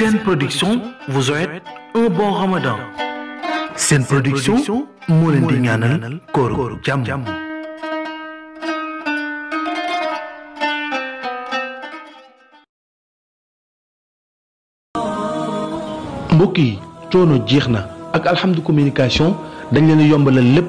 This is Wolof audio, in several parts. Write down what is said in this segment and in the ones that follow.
une production vous aurez un bon ramadan une production vous leen un bon ramadan. communication dañ leen le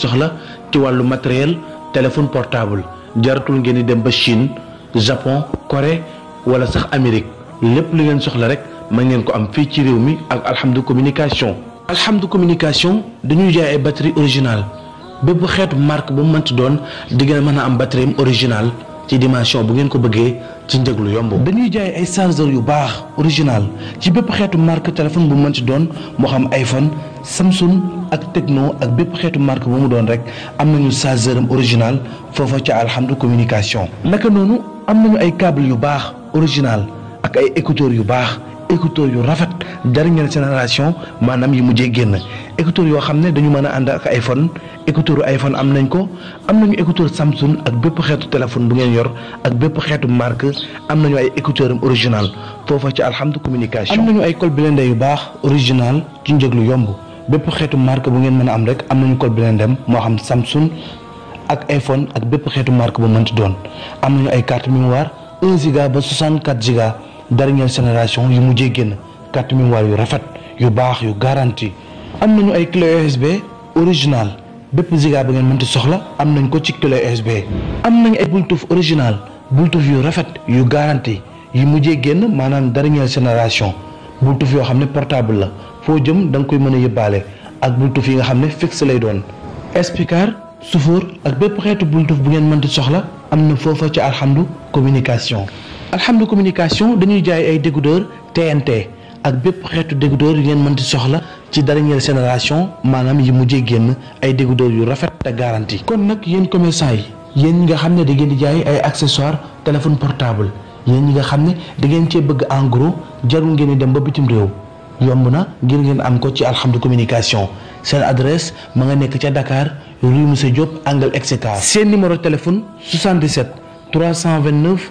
soxla ci matériel téléphone portable jaratul ngeen dem Chine Japon Corée wala sax Amérique lépp li ngeen soxla rek mën ngeen ko am fii ci réew mi ak alhamdu communication alhamdu communication dañuy jaay ay batterie originale bépp xeetu marque bu mu mënti doon di ngeen mën a am batterie originale ci dimension bu ngeen ko bëggee ci njëg lu yomb. dañuy jaay ay chargeur yu baax original ci bépp xeetu marque téléphone bu mu mënti doon moo xam iPhone Samsung ak Tecno ak bépp xeetu marque bu mu doon rek am na ñu am original foofa ca alhamdu communication. naka noonu am nañu ay câble yu baax original. ak ay écouteur yu bax écouteur yu rafet dernière génération manam yi mujjé génn écouteur yo xamné dañu mëna and ak iPhone écouteur iPhone am nañ ko am nañu écouteur Samsung ak bép xétu téléphone bu ngeen yor ak bép xétu marque am nañu ay écouteur original fofu ci alhamdu communication. am nañu ay col blende yu bax original ci njëg yomb bép xétu marque bu ngeen mëna am rek am nañu col blendem mo xam Samsung ak iPhone ak bép xétu marque bu mënti doon am nañu ay carte mémoire 1 giga ba 64 giga. dernière sénération yu mujjee génn carte mémoire yu rafet yu baax yu garanti am nañu ay clé USB original bépp ziga ba ngeen mënti soxla am nañ ko ci clé USB am nañ ay bluetooth original bluetooth yu rafet yu garanti yu mujjee génn maanaam dernière sénération bluetooth yoo xam ne portable la foo jëm da koy mën a yëbbaale ak bluetooth yi nga xam ne fixe lay doon espicar sufur ak bépp xeetu bluetooth bu ngeen mënti soxla am na foofa ci alhamdu communication alhamdu communication dañuy jaay ay dégoudeur TNT ak bép xétu dégoudeur yu mën ci soxla ci dernière génération manam yi mujjé génn ay dégoudeur yu rafet ta garanti kon nak yeen commerçant yi yeen nga xamné da ngeen di jaay ay accessoires téléphone portable yeen nga xamné da ngeen ci bëgg en gros jarul ngeen dem ba bitim réew yomb na ngir ngeen am ko ci alhamdu communication seen adresse ma nga nekk ci Dakar rue Monsieur Diop angle etc seen numéro téléphone 77 329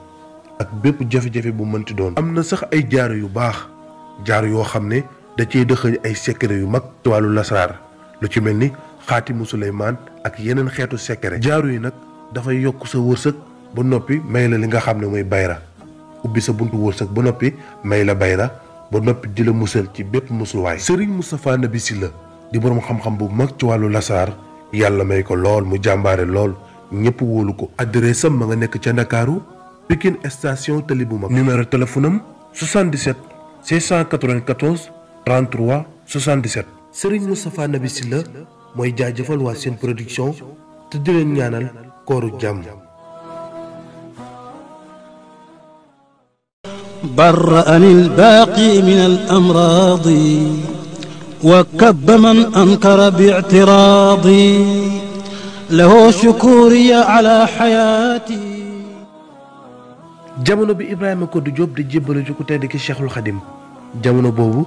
ak bépp jafe-jafe bu mënti doon. am na sax ay jaaro yu baax jaaro yoo xam ne da cee dëxëñ ay secret yu mag ci wàllu lasaraar lu ci mel ni xaatimu Suleymaan ak yeneen xeetu secret. jaaro yi nag dafay yokk sa wërsëg ba noppi may la li nga xam ne mooy bayra ubbi sa buntu wërsëg ba noppi may la bayra ba noppi di la musal ci bépp musluwaay. Serigne Moustapha Nabi Sylla di borom xam-xam bu mag ci wàllu lasaraar yàlla may ko lool mu jàmbaare lool ñëpp wóolu ko. adresse am a nga nekk ca Ndakaaru. Pikine station Télébou Mab numéro téléphone am 77 694 33 77. Serigne Moustapha Nabi Sylla mooy jaajëfal waa seen production te di leen ñaanal kooru jàmm. برأني الباقي من الأمراض وكب من أنكر باعتراضي له شكوري على حياتي jamono bi Ibrahima Kodou Diop di jébbalu ci ku tedd ki Cheikhul Khadim jamono boobu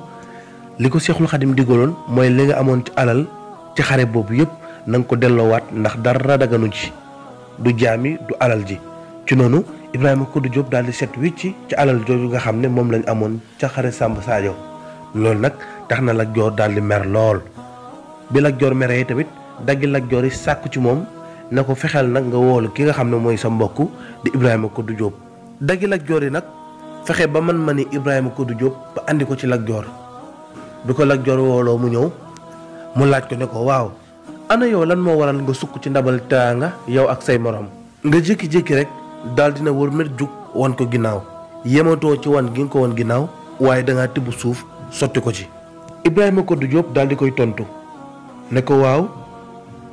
li ko Cheikhul Khadim digaloon mooy li amoon ci alal ci xare boobu yëpp na nga ko delloowaat ndax dara daganu ci du jaami du alal ji ci noonu Ibrahima Kodou Diop daal di set wicci ci alal jooju nga xam ne moom lañ amoon ca xare sàmb Sadio loolu nag tax na Lat Joor daal di mer lool bi Lat Joor yi tamit daggi Lat Joor yi sàkku ci moom na ko fexeel nag nga woolu ki nga xam ne mooy sa mbokk di Ibrahima Kodou Diop. dagi lak jori nak fexé ba man mané Ibrahima koudou Diop ba andi ko ci lak jor biko ko jor wolo mu ñew mu laaj ko ne ko waw ana yow lan mo waral nga sukk ci ndabal teraanga yow ak say morom nga jékki-jékki rek dal dina wor mer juk wan ko ginaaw yematoo ci wan gi ko won ginaaw waye da nga tibbu suuf soti ko ci Ibrahima koudou Diop dal di koy tontu ne ko waw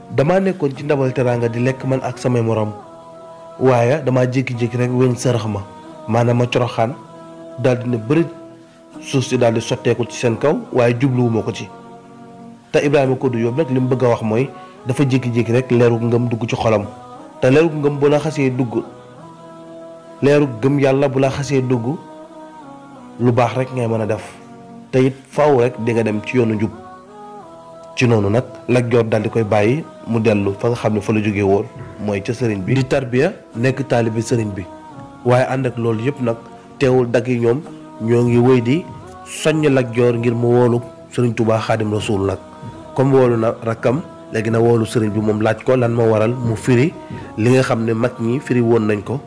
dama nekkon ci ndabal teraanga di lek man ak samay morom waaye dama jékki-jékki rek wëñ sërëx ma maanaam ma coroxaan daal di ne bëri suuf si daal di sotteeku ci sen kaw waye djublu ko ci ta Ibrahima ko du yob nak lim bëgg wax moy dafa jékki-jékki rek leeru ngëm dugg ci xolam ta leeru ngëm bu la xasse dugg leeru gëm yalla bu la xasse dugg lu bax rek ngay mëna def te it faaw rek di nga dem ci yoonu djub ci nonu nak la dal di koy bayyi mu delu fa nga xamni fa la wor mooy ca sëriñ bi di tarbiya nekk taalibe sëriñ bi waaye ànd ak loolu yëpp nag teewul dagg yi ñoom ñoo ngi wéy di soññ Lat Joor ngir mu woolu sëriñ Tuubaa Xaadim Rasuul nag comme woolu na rakkam léegi na woolu sëriñ bi moom laaj ko lan ma waral mu firi li nga xam ne mag ñi firi woon nañ ko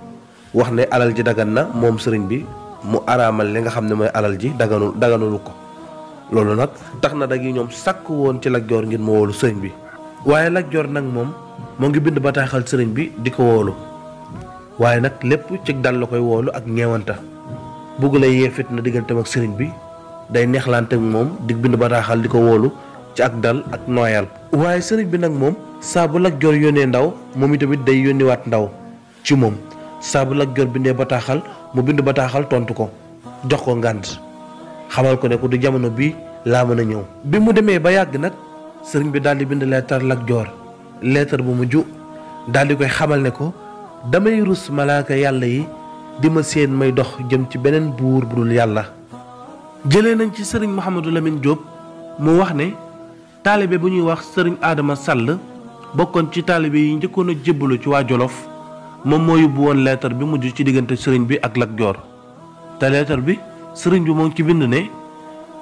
wax ne alal ji dagan na moom sëriñ bi mu araamal li nga xam ne mooy alal ji daganul daganulu ko loolu nag tax na dag yi ñoom sàkk woon ci Lat Joor ngir mu woolu sëriñ bi waaye Lat Joor nag moom mo ngi bind bataxal serign bi diko wolu waye nak lepp ci dal la koy wolu ak ñeewanta bugg la yee na digantam ak serign bi day neexlante ak mom dig bind bataxal diko wolu ci ak dal ak noyal waye serign bi nak mom saa bu Lat Joor yónnee ndaw moom itamit day wat ndaw ci mom saa bu Lat Joor bindee bataaxal mu bind bataxal tontu ko jox ko ngand xamal ko ne ko du jamono bi la mëna ñew bi mu démé ba yag nak serign bi dal di bind leetar lak jor leetar bu mujj daldi koy xamal ne ko damay rus malaaka yàlla yi di ma séen may dox jëm ci beneen buur bu dul yàlla jëlee nañ ci sëriñ Mouhamadou Lamine Diop mu wax ne taalibe bu ñuy wax sëriñ aadama Sall bokkoon ci taalibe yi njëkkoon a jébbalu ci waa Jolof moom moo yóbbu woon leetar bi mujj ci diggante sëriñ bi ak Lat Joor te leetar bi sëriñ bi moo ci bind ne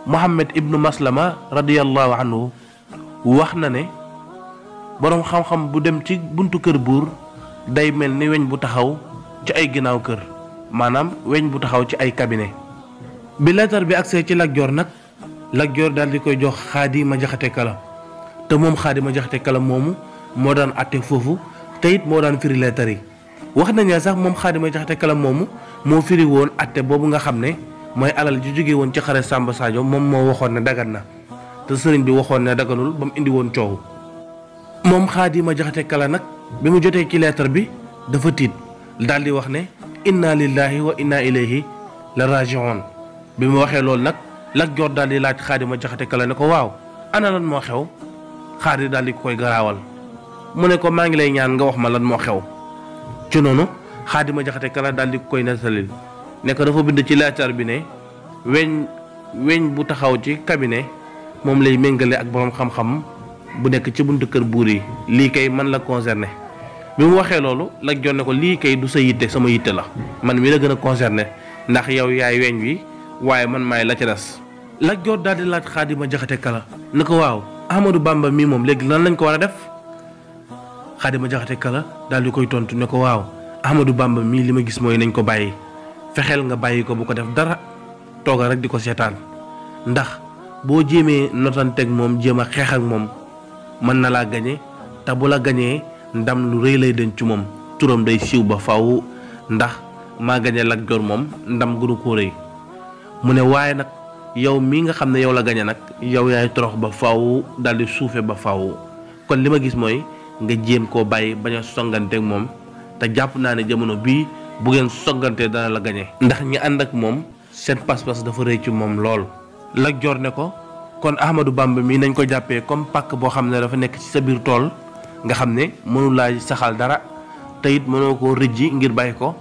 Mouhamed ibnu Maslama radiyallahu anhu wax na ne borom xam-xam bu dem ci buntu kër bur day mel ni weñ bu taxaw ci ay ginaaw kër manam weñ bu taxaw ci ay cabinet bi letter bi accès ci lak joor nag lak joor daal di koy jox khadima jaxate kala te mom khadima jaxate kala momu mo dan atte fofu te it mo dan firi letter yi wax nañ ne sax mom khadima jaxate kala momu mo firi won atte bobu nga xamné ne alal ju won won ci xare Samba Sadio mom mo waxoon ne dagan na te serigne bi waxoon ne daganul indi won coow moom ma jaxate kala nag bi mu jotee ci lettre bi dafa tiit daal di wax ne inna lillahi wa inna ilayhi la rajiun bi mu waxee lool nag Lat Joor dal di laaj ma jaxate kala ne ko waaw ana lan moo xew xaari daal di koy garaawal mu ne ko maa ngi lay ñaan nga wax ma lan moo xew ci noonu xaadima jaxate kala daal di koy nettalil ne ko dafa bind ci lettre bi ne weñ weñ bu taxaw ci cabinet moom lay méngale ak boroom xam-xam bu nek ci buntu keur buur yi kay man la concerné bi mu waxee loolu lak jonne ko li kay du sa yitte sama yitte la man mi la gëna a concerné ndax yow yaay weñ wi waye man may la ci des lak joor dal di lat khadima jaxate kala nako waw ahmadou bamba mi mom léegi lan lañ ko wara def khadima jaxate kala dal di koy tontu nako waw ahmadou bamba mi lima gis moy nañ ko bayyi fexel nga bayyi ko bu ko def dara toga rek di ko ndax bo jéemee notanteeg mom jema a ak mom mën na laa gañe te bu la gañee ndam lu réy lay denc moom turam day siiw ba faw ndax maa gañe Lat Joor moom ndam gënu ko rëy mu ne waaye nag yow mii nga xam ne yow la gañe nag yow yaay torox ba faw daldi suufe ba faw kon li ma gis mooy nga jéem koo bàyyi bañ a songante ak moom te jàpp naa ne jamono bii bu ngeen songantee dana la gañe ndax ñi ànd ak moom seen pas-pas dafa rëy ci moom lool Lat Joor ne ko kon Ahmadou Bamba mi nañ ko jàppee comme pàkk boo xam ne dafa nekk ci sa biir tool nga xam ne mënu laa saxal dara te it mënoo koo rëjji ngir bàyyi ko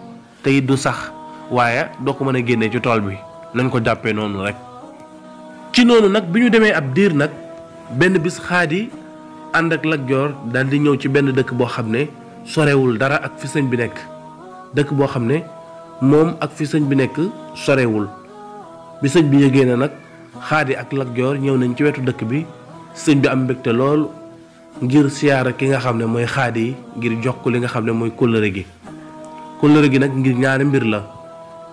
te du sax waaye doo ko mën a génne ci tool bi nañ ko jàppee noonu rek. ci noonu nag bi ñu demee ab diir nag benn bis xaadi ànd ak Lat Joor di ñëw ci benn dëkk boo xam ne sorewul dara ak fi sëñ bi nekk dëkk boo xam ne moom ak fi sëñ bi nekk sorewul bi sëñ bi yëgee nag xaadi ak lak jor ñew nañ ci wetu dëkk bi sëñ bi am mbégte lool ngir siyaara ki nga xam ne mooy xaadi ngir jox ko li nga xam ne mooy gi kóllëre gi nag ngir ñaari mbir la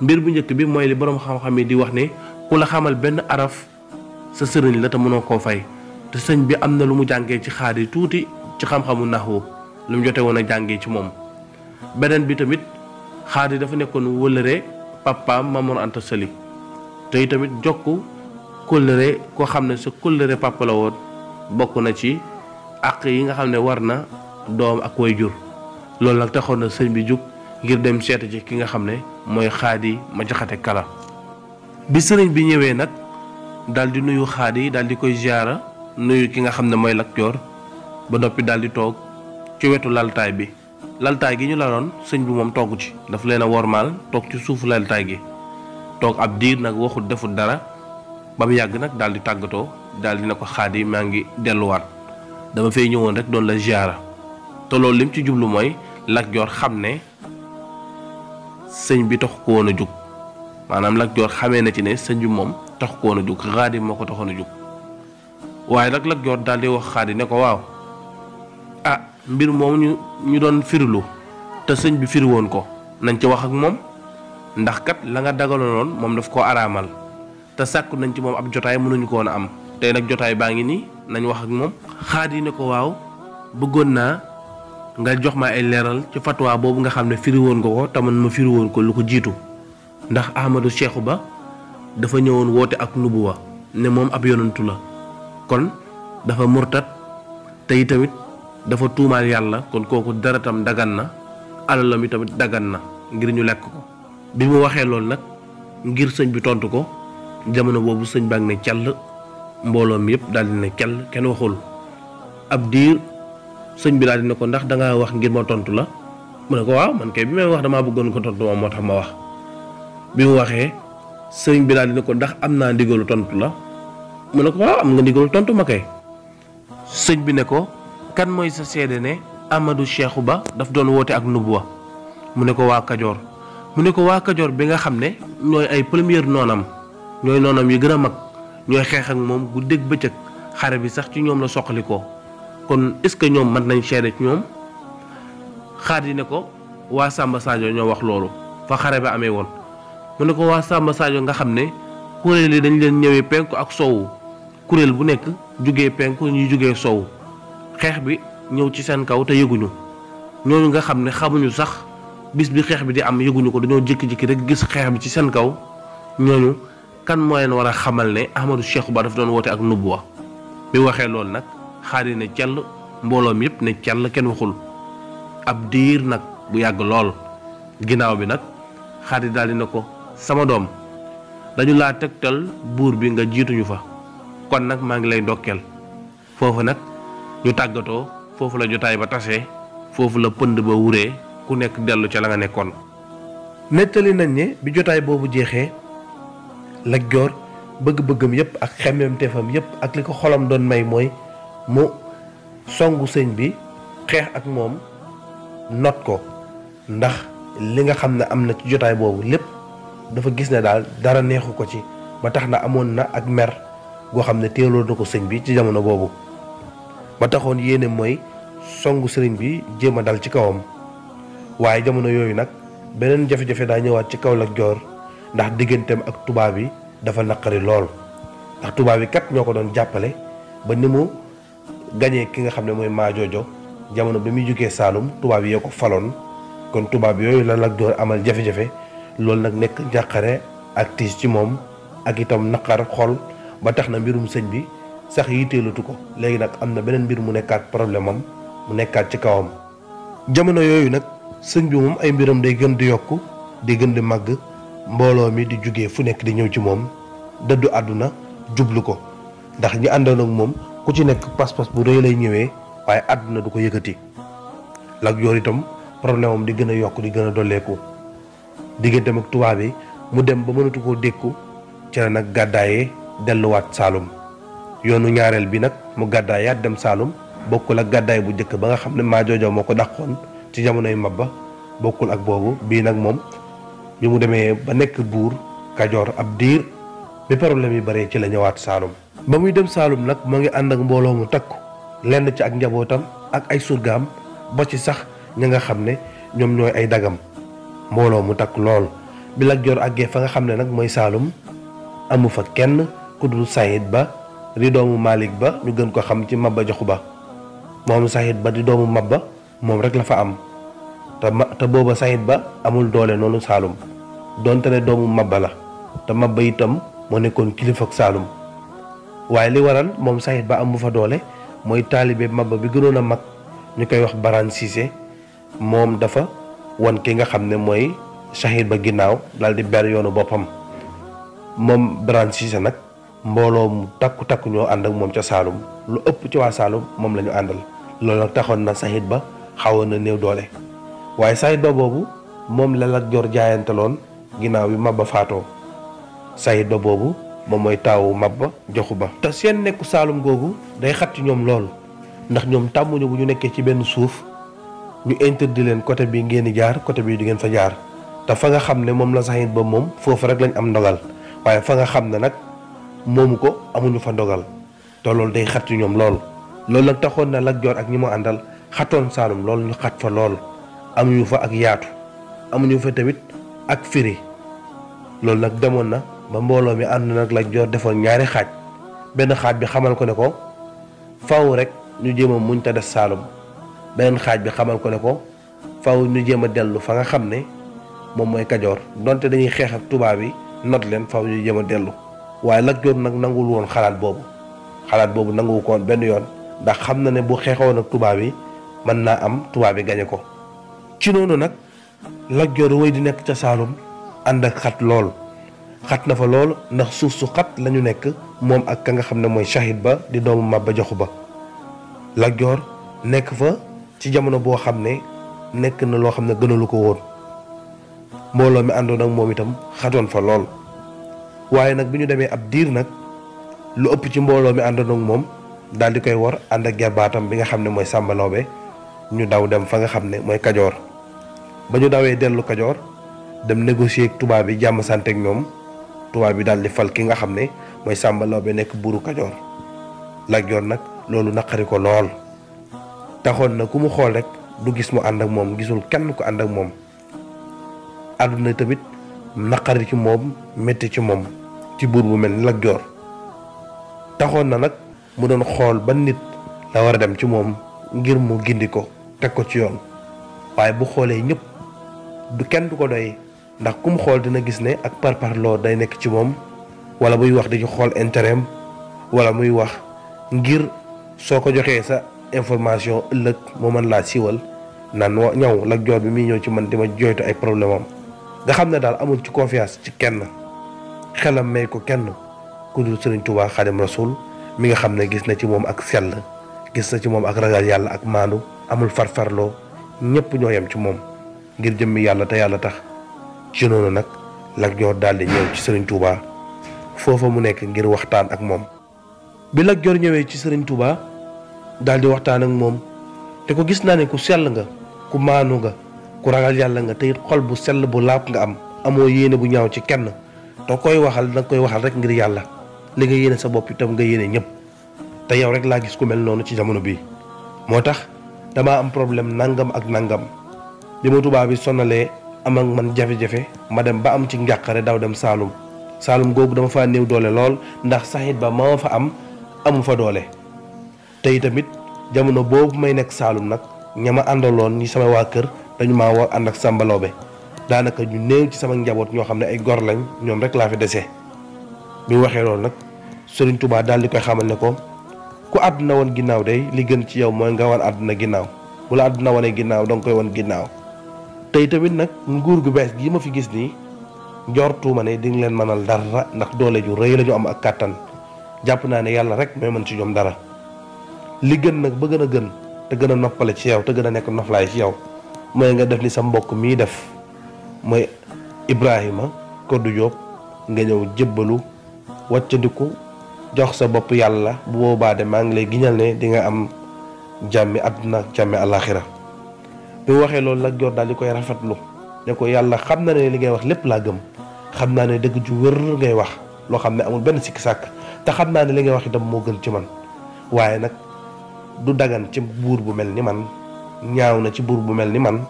mbir bu njëkk bi mooy li borom xam-xam di wax ne ku la xamal benn araf sa sëriñ la te mënoo koo fay te sëñ bi am na lu mu jàngee ci xaadi tuuti ci xam-xamu naxwu lu mu jote woon a jàngee ci moom beneen bi tamit xaadi dafa nekkoon wëlëre papa anta tamit jokku kóllëre koo xam ne sa kóllëre papa la woon bokk na ci àq yi nga xam ne war na doom ak way jur loolu nag taxoon na sëñ bi jug ngir dem seet ci ki nga xam ne mooy xaadi ma jaxate kala bi sëriñ bi ñëwee nag daal di nuyu xaadi daal di koy ziara nuyu ki nga xam ne mooy Lat Joor ba noppi daal di toog ci wetu laltaay bi laltaay gi ñu laloon sëñ bi moom togg ci dafa leen a wormaal toog ci suufu laltaay gi toog ab diir nag waxut defut dara ba mu yàgg nag daal di tàggatoo daal di na ko xaadi maa ngi delluwaat dama fay ñëwoon rek doon la ziara te loolu lim ci jublu mooy Lat Joor xam ne sëñ bi tax ko woon a jug maanaam Lat Joor xamee na ci ne sëñ bi moom tax ko woon a jug moo ko taxoon a jug waaye nag Lat Joor daal di wax xaadi ne ko waaw a ah, mbir moom ñu doon firilu te sëñ bi firi woon ko nañ ci wax ak moom ndax kat la nga dagaloon moom daf ko araamal te sakku nañ ci moom ab jotaay ko am tey nag jotaay baa ngi nii nañ wax ak moom xaadi ne ko waaw bëggoon naa nga jox ma ay leeral ci fatwa boobu nga xam ne firi woon nga ko te man ma firi woon ko lu ko jiitu ndax ahmadu cheikhu ba dafa ñëwoon woote ak nubuwa ne moom ab yonantu la kon dafa murtat te itamit dafa tuumaal yàlla kon kooku daratam dagan na alalam itamit dagan na ngir ñu lekk ko bi mu waxee loolu ngir sëñ bi tontu ko jamono bobu sëñ bang ne call mbooloom yëpp daal di ne call waxul ab dir sëñ bi dal dina ne ko ndax da nga wax ngir mo tontu la mu ko waaw man kay bi may wax dama bëggon ko tontu mo tax ma wax bi mu waxee bi dal dina ko ndax amna tontu la ko waaw am nga tontu ma kay bi ne ko kan moy sa sédé ne Amadou Cheikhou Ba daf doon wote ak nubuwa mu ko wa kadior mu ko wa kadior bi nga noy ay première nonam ñooy noonam yi gën a mag ñooy xeex ak moom bu dégg bëccëg xare bi sax ci ñoom la soqalikoo kon est-ce que ñoom mën nañ seede ci ñoom xaar yi ne ko waa Samba Sadio ñoo wax loolu fa xare bi amee woon mu ne ko waa Samba Sadio nga xam ne kuréel yi dañ leen ñëwee penku ak soowu kuréel bu nekk jugee penku ñuy jugee soowu xeex bi ñëw ci seen kaw te yëguñu ñooñu nga xam ne xamuñu sax bis bi xeex bi di am yëguñu ko dañoo jékki-jékki rek gis xeex bi ci seen kaw ñooñu kan moo leen war a xamal ne Ahmadou Cheikh Ba daf doon woote ak nubuwa bi waxee loolu nag xaari ne cell mbooloo mi yëpp ne cell kenn waxul ab diir nag bu yàgg lool ginnaaw bi nag xaari daal di ne ko sama doom dañu laa tegtal buur bi nga jiituñu fa kon nag maa ngi lay dokkeel foofu nag ñu tàggatoo foofu la jotaay ba tasee foofu la pënd ba wuree ku nekk dellu ca la nga nekkoon nettali nañ ne bi jotaay boobu jeexee Lat Joor bëgg-bëggam yëpp ak xemmemteefam yëpp ak li ko xolam doon may mooy mu songu sëñ bi xeex ak moom not ko ndax li nga xam ne am na ci jotaay boobu lépp dafa gis ne daal dara neexu ko ci ba tax na amoon na ak mer goo xam ne teeloon na ko sëñ bi ci jamono boobu ba taxoon yéene mooy songu sëriñ bi jéem a dal ci kawam waaye jamono yooyu nag beneen jafe-jafe daa ñëwaat ci kaw Lat Joor ndax digëntam ak tuba bi dafa nakari lool ndax tuba bi kat ñoko ko doon jàppale ba nimu gagné ki nga xamné moy ma jojo jamono bi mi juggé salum tuba bi yoko falon kon bi yoy la la door amal jafe-jafe lol nak nek jaxaré ak tis ci mom ak itam nakar xol ba taxna na mbirum señ bi sax yiteelatu ko légui nak amna na mbir mu nekkat problème am mu nekkat ci kawam jamono yooyu nak señ bi mom ay mbiram day gën di yokku di gën di mag mbooloo mi di jugee fu nekk di ñëw ci moom dëddu àdduna jublu ko ndax ñi àndoon ak moom ku ci nekk pas-pas bu rëy lay ñëwee waaye àdduna du ko yëkkati Lat Joor itam problème am di gën a yokk di gën a dolleeku digganteem ak tubaab bi mu dem ba mënatu koo dékku ci la nag gàddaayee delluwaat Saalum yoonu ñaareel bi nag mu gàddaayaat dem Saalum bokkul ak gàddaay bu njëkk ba nga xam ne maa joojo moo ko dàqoon ci jamonoy ba bokkul ak boobu bii nag moom bi mu démé ba nek bour kadior ab dir bi problème yi bari ci la ñëwaat saalum ba muy dem saalum nak mo ngi and ak mbolo mu takku lenn ci ak njabotam ak ay surgam ba ci sax nga ay dagam mbolo mu takku lool bi la jor agge fa nga xamné nak moy salum amu fa kenn ku dul sayid ba di doomu malik ba ñu gën ko xam ci mabba joxu ba moom sayid ba di doomu mabba mom rek la fa am ta ta boba sayid ba amul doole nonu saalum donte ne doomu mabba la te mabba itam moo nekkoon kilifa ak Saalum waaye li waral moom Saxiit Ba am bu fa doole mooy taalibe mabba bi gënoon a mag ñu koy wax Baraan Siise moom dafa wan ki nga xam ne mooy Saxiit Ba ginnaaw daal di ber yoonu boppam moom Baraan nag mbooloo mu takku takku ñoo ànd ak moom ca Saalum lu ëpp ci waa Saalum moom la ñu àndal loolu nag taxoon na Saxiit Ba xawoon na néew doole waaye Saxiit Ba boobu moom la Lat Joor jaayanteloon ginnaaw bi Maba faatoo Sayda boobu moom mooy taawu Maba joxu ba te seen nekku Saalum googu day xat ci ñoom lool ndax ñoom tàmmuñu bu ñu nekkee ci benn suuf ñu interdit leen côté bi ngeen di jaar côté bi du ngeen fa jaar te fa nga xam ne moom la saxiit ba moom foofu rek lañ am ndogal waaye fa nga xam na nag moomu ko amuñu fa ndogal te loolu day xat ci ñoom lool loolu nag taxoon na Lat Joor ak ñi mu àndal xatoon Saalum loolu ñu xat fa lool amuñu fa ak yaatu amuñu fa ak firi loolu nag demoon na ba mbooloo mi ànd nag Lat Joor defoon ñaari xaaj benn xaaj bi xamal ko ne ko faw rek ñu jéem a muñ des Saalum beneen xaaj bi xamal ko ne ko faw ñu jéem a dellu fa nga xam ne moom mooy Kajoor donte dañuy xeex ak tubaab yi not leen faw ñu jéem a dellu waaye Lat Joor nag nanguwul woon xalaat boobu xalaat boobu nanguwu ko benn yoon ndax xam na ne bu xeexoon ak tubaab yi mën naa am tubaab yi gañe ko ci noonu nag Lat Joor di nekk ca Saalum ànd ak xat lool xat na fa lool ndax suuf su xat lañu nekk moom ak ka nga xam ne mooy shahid ba di doomu ba Jaxu Ba Lat Joor nekk fa ci jamono boo xam ne nekk na loo xam ne gënalu ko woon mbooloo mi àndoon ak moom itam xatoon fa lool waaye nag bi ñu demee ab diir nag lu ëpp ci mbooloo mi àndoon ak moom daal di koy war ànd ak jarbaatam bi nga xam ne mooy Sàmba Lawbe ñu daw dem fa nga xam ne mooy Kajoor ba ñu dawee dellu Kajoor dem négocier ak tubaab bi jàmm sante ak ñoom tubaab bi daal di fal ki nga xam ne mooy Sàmba Lawbe nekk buuru Kajoor Lat Joor nag loolu naqari ko lool taxoon na ku mu xool rek du gis mu ànd ak moom gisul kenn ko ànd ak moom àdduna tamit naqari ci moom metti ci moom ci buur bu mel ni Lat Joor taxoon na nag mu doon xool ba nit la war a dem ci moom ngir mu gindi ko teg ko ci yoon waaye bu xoolee ñëpp du kenn du ko doy ndax kum xol dina gis ne ak lo day nek ci mom wala muy wax di xol intérêt wala muy wax ngir soko ko sa information moman mo man la siwal nan ñaw lak jor bi mi ñew ci man di joytu ay problème am nga xamne dal amul ci confiance ci kenn xelam may ko kenn ku dul serigne tuba khadim rasul mi nga xamne ne gis na ci mom ak sel gis na ci mom ak ragal yalla ak manu amul farfarlo ñepp ñoyam ci mom ngir jëmmi yalla ta yalla tax ci noonu nag Lat Joor daal di ñëw ci Serigne Touba foofa mu nekk ngir waxtaan ak moom bi Lat Joor ñëwee ci Serigne Touba daal di waxtaan ak moom te ko gis naa ne ku sell nga ku maanu nga ku ragal yàlla nga te xol bu sell bu laab nga am amoo yéene bu ñaaw ci kenn te koy waxal da koy waxal rek ngir yàlla li nga yéene sa bopp itam nga yéene ñëpp te yow rek laa gis ku mel noonu ci jamono bii moo tax dama am problème nangam ak nangam bi ma tubaab bi am ak man jafe-jafe ma dem ba am ci njàqare daw dem Saalum Saalum googu dama fa néew doole lool ndax saxit ba ma fa am amu fa doole tey tamit jamono boobu may nekk Saalum nag ña ma àndaloon ñi sama waa kër dañu ma war ànd ak Samba Loobe daanaka ñu néew ci sama njaboot ñoo xam ne ay gor lañ ñoom rek laa fi dese bi waxee loolu nag Serigne Touba daal di koy xamal ne ko ku àdduna woon ginnaaw dey li gën ci yow mooy nga war àdduna ginnaaw bu la àdduna tay tamit nak nguur gu bes gi ma fi gis ni ndortu mané di nga leen mënal dara nak doole ju reey lañu am ak katan japp na ne yalla rek may man ci ñom dara li gën nak ba gën gën te gëna noppale ci yow te gëna nek noflay ci yow moy nga def ni sa mbokk mi def moy Ibrahima du job nga ñew jëbbalu waccandiku jox sa bop yalla bu boba de ma ngi lay giñal ne di nga am jammi adna jammi jàmmi bi waxee loolu Lat Joor daal di koy rafetlu ne ko yàlla xam na ne li ngay wax lépp laa gëm xam naa ne dëgg ju wër ngay wax loo xam ne amul benn sikki sàkk te xam naa ne li ngay wax itam moo gën ci man waaye nag du dagan ci buur bu mel ni man ñaaw na ci buur bu mel ni man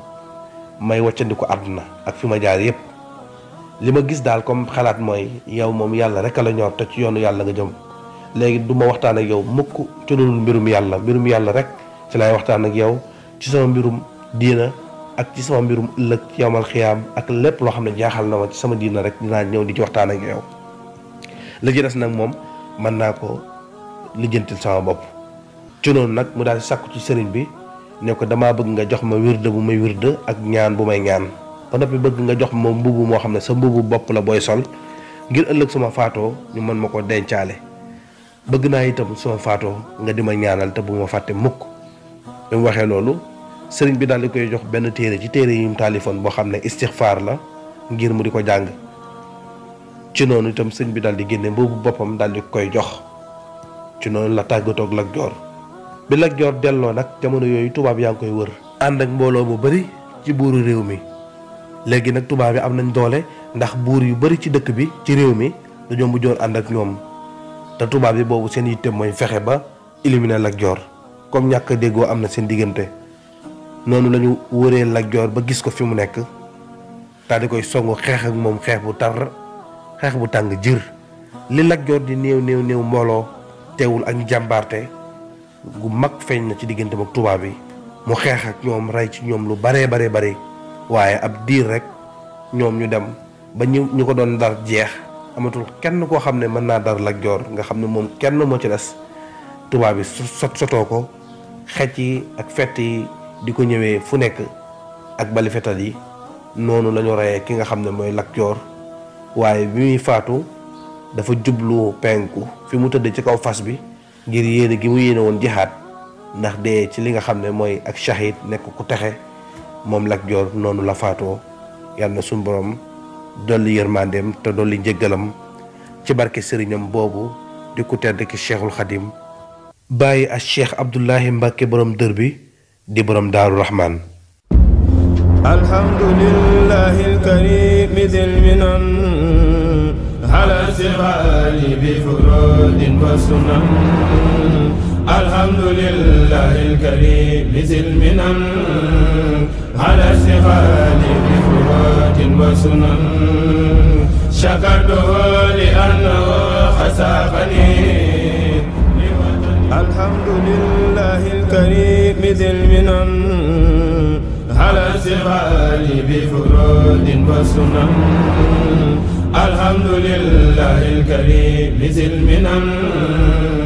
may waccandiku àdduna ak fi ma jaar yépp li ma gis daal comme xalaat mooy yow moom yàlla rek a la ñor te ci yoonu yàlla nga jëm léegi du ma waxtaan ak yow mukk ci mbirum yàlla mbirum yàlla rek ci laay waxtaan ak yow mbirum diina ak ci sama mbirum ëllëg yowmal xiyaam ak lépp loo xam ne jaaxal na ma ci sama diina rek dinaa ñëw di ci waxtaan ak yow la ci des nag moom mën naa ko lijjantil sama bopp ci noonu nag mu daal di sàkku ci sëriñ bi ne ko damaa bëgg nga jox ma wirde bu may wirde ak ñaan bu may ñaan ba noppi nga jox ma mbubu moo xam ne sa mbubu bopp la booy sol ngir ëllëg suma faatoo ñu mën ma ko dencaale bëgg naa itam suma faatoo nga di ma ñaanal te bu ma fàttee mukk bi mu waxee loolu sëriñ bi daal di koy jox benn téere ci téere yi mu taalifoon boo xam ne istixfaar la ngir mu di ko jàng ci noonu itam sëriñ bi daal di génne boobu boppam daal di koy jox ci noonu la tàggatook Lat Joor bi Lat Joor delloo nag jamono yooyu tubaab yaa ngi koy wër. ànd ak mbooloo bu bari ci buuru réew mi léegi nag tubaab yi am nañ doole ndax buur yu bari ci dëkk bi ci réew mi dañoo mujjoon ànd ak ñoom te tubaab yi boobu seen yitte mooy fexe ba éliminer Lat Joor comme ñàkk déggoo am na seen diggante. noonu lañu ñu wëree Lat Joor ba gis ko fi mu nekk daal di koy songu xeex ak moom xeex bu tar xeex bu tàng jër li Lat Joor di néew néew néew mbooloo teewul ak jàmbarte gu mag feeñ na ci diggante ak tubaab bi mu xeex ak ñoom rey ci ñoom lu baree baree bare waaye ab diir rek ñoom ñu dem ba ñu ñu ko doon dar jeex amatul kenn koo xam ne mën naa dar Lat Joor nga xam ne moom kenn moo ci des tubaab yi sot sotoo ko xecc yi ak fett yi di ko ñëwee fu nekk ak balifetal yi noonu lañu reyee ki nga xam ne mooy Lat Joor waaye bi muy faatu dafa jublu penku fi mu tëdd ci kaw fas bi ngir yéene gi mu yéene woon jihaat ndax dee ci li nga xam ne mooy ak shahid nekk ku texe moom Lat Joor noonu la faatoo yàlla na suñu borom dolli yërmandeem te dolli njëggalam ci barke sëriñam boobu di ku tedd ki cheikhul xadim bàyyi ak cheikh Abdoulahi Mbacke borom dër bi di borom daaru rahman الحمد لله الكريم ذي المنن على سبال بفرود وسنن الحمد لله الكريم ذي المنن على سبال بفرود وسنن شكرته لأنه خسافني الحمد لله الكريم ذي المنن على سفال بفرود وسنن الحمد لله الكريم ذي المنن